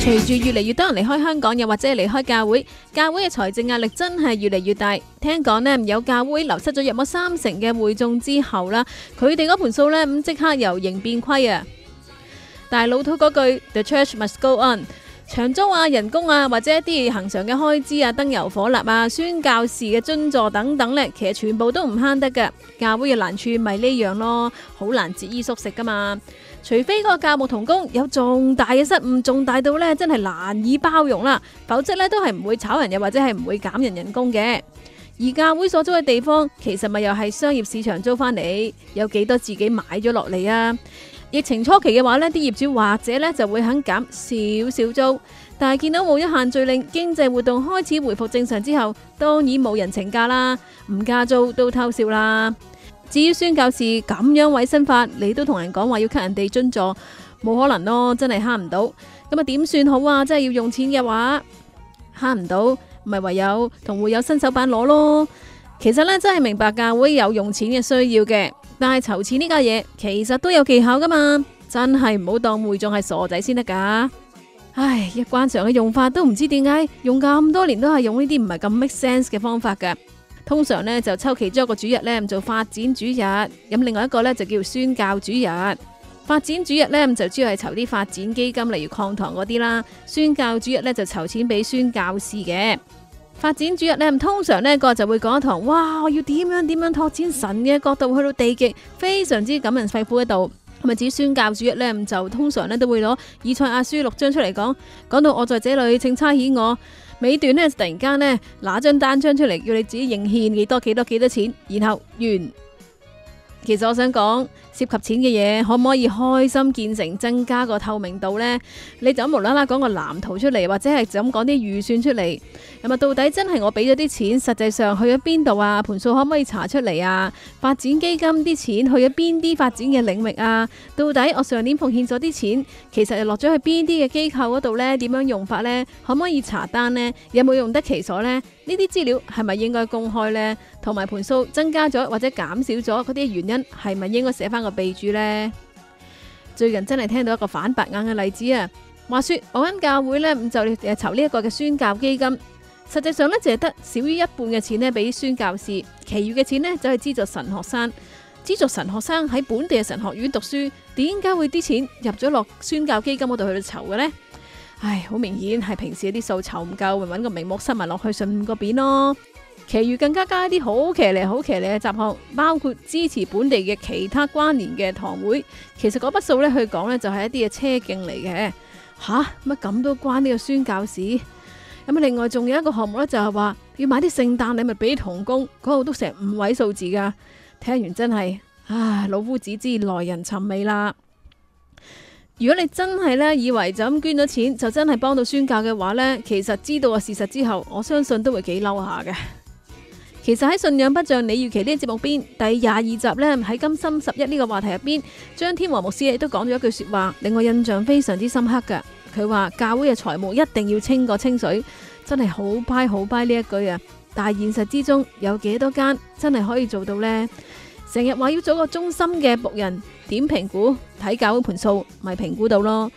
隨住越嚟越多人離開香港，又或者係離開教會，教會嘅財政壓力真係越嚟越大。聽講呢，有教會流失咗約莫三成嘅會眾之後啦，佢哋嗰盤數呢，咁即刻由盈變虧啊！但係老土嗰句，The church must go on。長租啊，人工啊，或者一啲恆常嘅開支啊，燈油火蠟啊，宣教士嘅津助等等呢，其實全部都唔慳得嘅。教會嘅難處咪呢樣咯，好難節衣縮食噶嘛。除非嗰個教牧同工有重大嘅失誤，重大到呢真係難以包容啦，否則呢都係唔會炒人，又或者係唔會減人人工嘅。而教會所租嘅地方，其實咪又係商業市場租翻嚟，有幾多自己買咗落嚟啊？疫情初期嘅話呢，啲業主或者呢就會肯減少少租，但係見到冇一限聚令，經濟活動開始回復正常之後，當然冇人請假啦，唔加租都偷笑啦。至於宣教士咁樣委身法，你都同人講話要給人哋尊助，冇可能咯，真係慳唔到。咁啊點算好啊？真係要用錢嘅話慳唔到，咪唯有同會有新手板攞咯。其實咧真係明白教會有用錢嘅需要嘅，但係籌錢呢家嘢其實都有技巧噶嘛，真係唔好當會眾係傻仔先得噶。唉，一慣常嘅用法都唔知點解用咁多年都係用呢啲唔係咁 make sense 嘅方法噶。通常呢，就抽其中一個主日咧做發展主日，咁另外一個呢，就叫宣教主日。發展主日呢，就主要係籌啲發展基金，例如擴堂嗰啲啦。宣教主日呢，就籌錢俾宣教士嘅。發展主日呢，通常呢個就會講一堂，哇！我要點樣點樣拓展神嘅角度會去到地極，非常之感人肺腑喺度。咁啊，宣教主日呢？就通常呢都會攞以賽亞書六章出嚟講，講到我在這裏，請差遣我。尾段呢，突然間呢，拿張單張出嚟，要你自己認獻幾多幾多幾多錢，然後完。其實我想講涉及錢嘅嘢，可唔可以開心見誠增加個透明度呢？你就咁無啦啦講個藍圖出嚟，或者係就咁講啲預算出嚟。咁啊，到底真係我俾咗啲錢，實際上去咗邊度啊？盤數可唔可以查出嚟啊？發展基金啲錢去咗邊啲發展嘅領域啊？到底我上年奉獻咗啲錢，其實又落咗去邊啲嘅機構嗰度呢？點樣用法呢？可唔可以查單呢？有冇用得其所呢？呢啲資料係咪應該公開呢？同埋盤數增加咗或者減少咗嗰啲原因，係咪應該寫翻個備註呢？最近真係聽到一個反白眼嘅例子啊！話說我喺教會呢，咁就要籌呢一個嘅宣教基金。實際上咧，淨係得少於一半嘅錢咧，俾宣教士，其餘嘅錢呢就係資助神學生，資助神學生喺本地嘅神學院讀書。點解會啲錢入咗落宣教基金嗰度去到籌嘅呢？唉，好明顯係平時啲數籌唔夠，揾個名目塞埋落去，順個便咯。其餘更加加一啲好騎呢、好騎呢嘅雜項，包括支持本地嘅其他關聯嘅堂會。其實嗰筆數呢，去講呢，就係一啲嘅車徑嚟嘅。吓，乜咁都關呢個宣教士？咁另外仲有一個項目咧，就係話要買啲聖誕禮物俾童工，嗰度都成五位數字噶。聽完真係，唉，老夫子之來人尋味啦。如果你真係咧以為就咁捐咗錢就真係幫到宣教嘅話咧，其實知道個事實之後，我相信都會幾嬲下嘅。其實喺信仰不像你預期》呢一節目邊第廿二集咧喺金心十一呢個話題入邊，張天和牧師亦都講咗一句說話，令我印象非常之深刻嘅。佢話教會嘅財務一定要清過清水，真係好拜好拜呢一句啊！但係現實之中有幾多間真係可以做到呢？成日話要做一個忠心嘅僕人，點評估？睇教會盤數咪評估到咯。